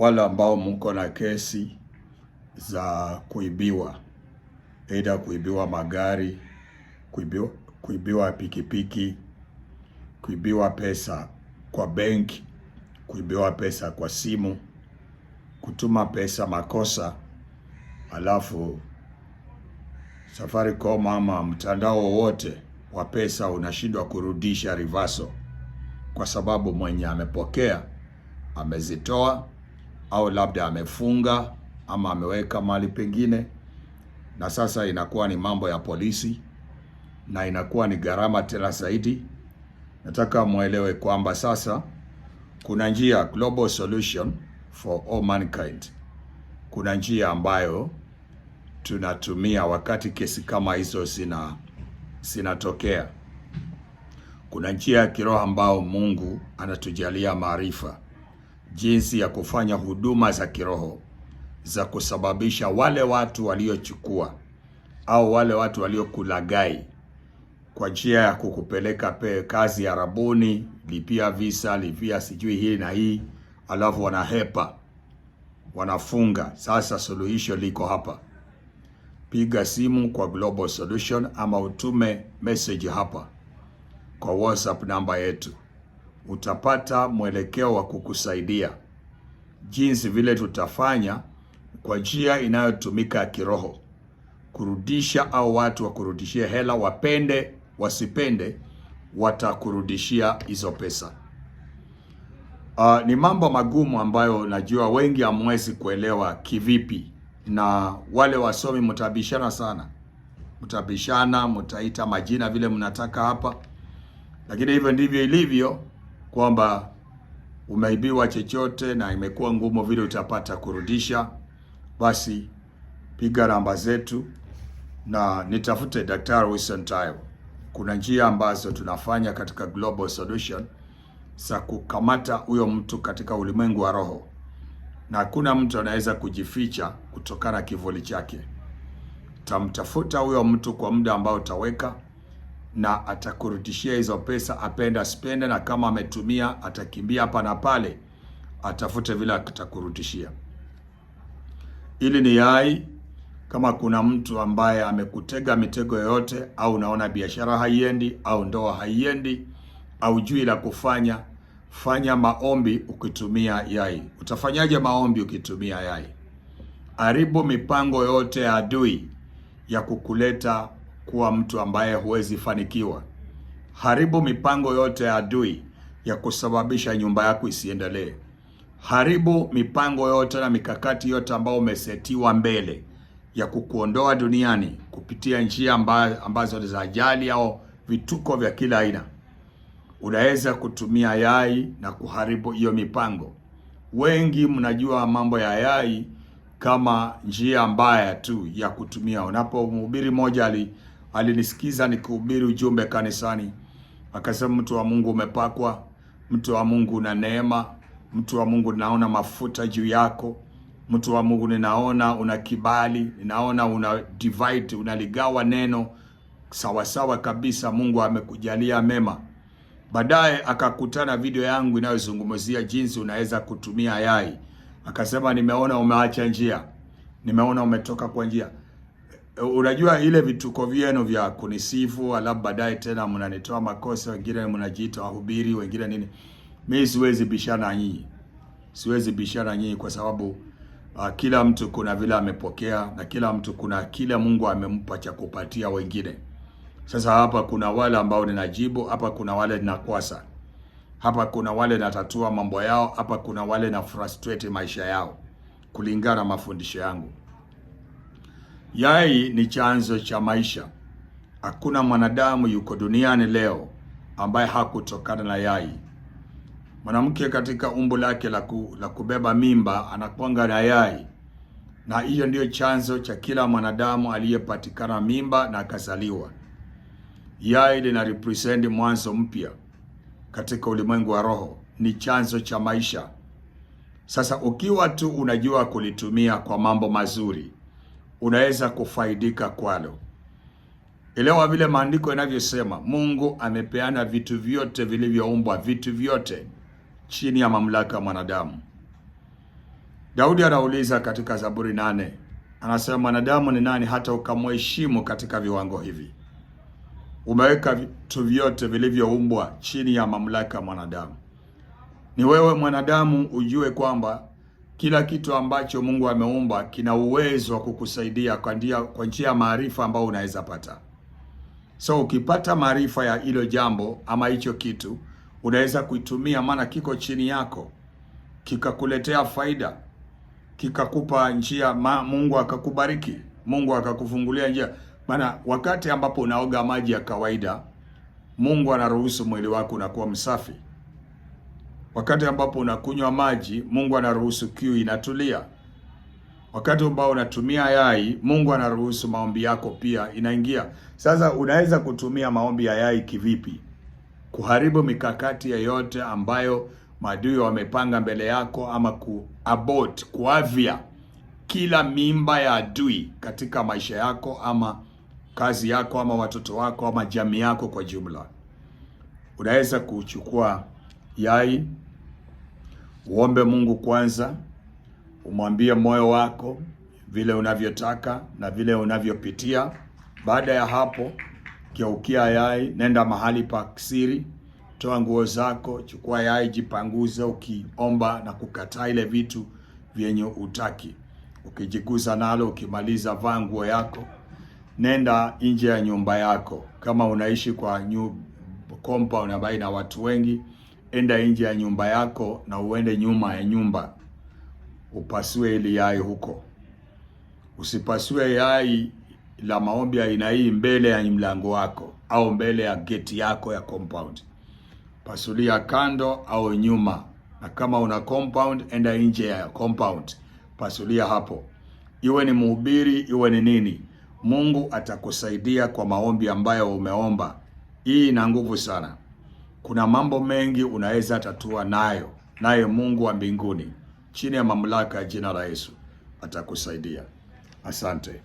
wale ambao mko na kesi za kuibiwa, aidha kuibiwa magari, kuibiwa, kuibiwa pikipiki, kuibiwa pesa kwa benki, kuibiwa pesa kwa simu, kutuma pesa makosa, alafu Safaricom ama mtandao wowote wa pesa unashindwa kurudisha rivaso, kwa sababu mwenye amepokea amezitoa au labda amefunga ama ameweka mali pengine, na sasa inakuwa ni mambo ya polisi na inakuwa ni gharama tena zaidi. Nataka mwelewe kwamba sasa kuna njia, global solution for all mankind, kuna njia ambayo tunatumia wakati kesi kama hizo zina zinatokea. Kuna njia ya kiroho ambao Mungu anatujalia maarifa jinsi ya kufanya huduma za kiroho za kusababisha wale watu waliochukua au wale watu waliokulagai kwa njia ya kukupeleka pe kazi ya rabuni, lipia visa, lipia sijui hii na hii, alafu wanahepa, wanafunga. Sasa suluhisho liko hapa. Piga simu kwa Global Solution ama utume message hapa kwa WhatsApp namba yetu utapata mwelekeo wa kukusaidia jinsi vile tutafanya kwa njia inayotumika ya kiroho, kurudisha au watu kurudishia hela, wapende wasipende, watakurudishia hizo pesa. Uh, ni mambo magumu ambayo najua wengi hamwezi kuelewa kivipi, na wale wasomi mtabishana sana, mtabishana, mtaita majina vile mnataka hapa, lakini hivyo ndivyo ilivyo kwamba umeibiwa chochote na imekuwa ngumu vile utapata kurudisha, basi piga namba zetu na nitafute Daktari Wilson Tayo. Kuna njia ambazo tunafanya katika Global Solution za kukamata huyo mtu katika ulimwengu wa roho, na hakuna mtu anaweza kujificha kutokana na kivuli chake. Tamtafuta huyo mtu kwa muda ambao utaweka na atakurudishia hizo pesa apenda spende, na kama ametumia atakimbia hapa na pale, atafute vile atakurudishia. Ili ni yai, kama kuna mtu ambaye amekutega mitego yoyote, au unaona biashara haiendi au ndoa haiendi au jui la kufanya, fanya maombi ukitumia yai. Utafanyaje maombi ukitumia yai? Haribu mipango yote ya adui ya kukuleta kuwa mtu ambaye huwezi fanikiwa. Haribu mipango yote ya adui ya kusababisha nyumba yako isiendelee. Haribu mipango yote na mikakati yote ambayo umesetiwa mbele ya kukuondoa duniani kupitia njia ambazo ni za ajali au vituko vya kila aina. Unaweza kutumia yai na kuharibu hiyo mipango. Wengi mnajua mambo ya yai kama njia mbaya tu ya kutumia. Unapomhubiri mmoja ali alinisikiza nikihubiri ujumbe kanisani, akasema, mtu wa Mungu umepakwa, mtu wa Mungu una neema, mtu wa Mungu naona mafuta juu yako, mtu wa Mungu ninaona una kibali, ninaona una divide, unaligawa neno sawasawa sawa kabisa. Mungu amekujalia mema. Baadaye akakutana video yangu inayozungumzia jinsi unaweza kutumia yai, akasema, nimeona umeacha njia, nimeona umetoka kwa njia Eh, unajua ile vituko vyenu vya kunisifu alafu baadaye tena mnanitoa makosa, wengine mnajiita wahubiri, wengine nini. Mi siwezi bishana nyinyi, siwezi bishana nyinyi kwa sababu uh, kila mtu kuna vile amepokea na kila mtu kuna kile Mungu amempa cha kupatia wengine. Sasa hapa kuna wale ambao ninajibu, hapa kuna wale ninakwasa, hapa kuna wale natatua mambo yao, hapa kuna wale na frustrate maisha yao kulingana na mafundisho yangu. Yai ni chanzo cha maisha. Hakuna mwanadamu yuko duniani leo ambaye hakutokana na yai. Mwanamke katika umbo lake la laku, kubeba mimba anakwanga na yai, na hiyo ndiyo chanzo cha kila mwanadamu aliyepatikana mimba na akazaliwa. Yai lina represent mwanzo mpya katika ulimwengu wa roho, ni chanzo cha maisha. Sasa ukiwa tu unajua kulitumia kwa mambo mazuri unaweza kufaidika kwalo. Elewa vile maandiko yanavyosema, Mungu amepeana vitu vyote vilivyoumbwa, vitu vyote chini ya mamlaka ya mwanadamu. Daudi anauliza katika Zaburi nane, anasema mwanadamu ni nani hata ukamheshimu katika viwango hivi? Umeweka vitu vyote vilivyoumbwa chini ya mamlaka ya mwanadamu. Ni wewe mwanadamu, ujue kwamba kila kitu ambacho Mungu ameumba kina uwezo wa kukusaidia kwa njia ya maarifa ambayo unaweza pata. So ukipata maarifa ya hilo jambo ama hicho kitu, unaweza kuitumia, maana kiko chini yako, kikakuletea faida, kikakupa njia ma, Mungu akakubariki, Mungu akakufungulia njia. Maana wakati ambapo unaoga maji ya kawaida, Mungu anaruhusu mwili wako unakuwa msafi. Wakati ambapo unakunywa maji, Mungu anaruhusu kiu inatulia. Wakati ambao unatumia yai, Mungu anaruhusu maombi yako pia inaingia. Sasa unaweza kutumia maombi ya yai kivipi? Kuharibu mikakati yoyote ambayo maadui wamepanga mbele yako, ama kuabort, kuavya kila mimba ya adui katika maisha yako ama kazi yako ama watoto wako ama jamii yako kwa jumla. Unaweza kuchukua yai, uombe Mungu kwanza, umwambie moyo wako vile unavyotaka na vile unavyopitia. Baada ya hapo, kiaukia yai, nenda mahali pa siri, toa nguo zako, chukua yai, jipanguze, ukiomba na kukataa ile vitu vyenye utaki, ukijiguza nalo. Ukimaliza, vaa nguo yako, nenda nje ya nyumba yako, kama unaishi kwa new compound ambayo ina watu wengi enda nje ya nyumba yako na uende nyuma ya nyumba upasue ili yai huko. Usipasue yai la maombi aina hii mbele ya mlango wako au mbele ya geti yako ya compound. Pasulia kando au nyuma, na kama una compound enda nje ya compound, pasulia hapo. Iwe ni mhubiri, iwe ni nini, Mungu atakusaidia kwa maombi ambayo umeomba. Hii ina nguvu sana kuna mambo mengi unaweza tatua nayo, naye Mungu wa mbinguni chini ya mamlaka ya jina la Yesu atakusaidia. Asante.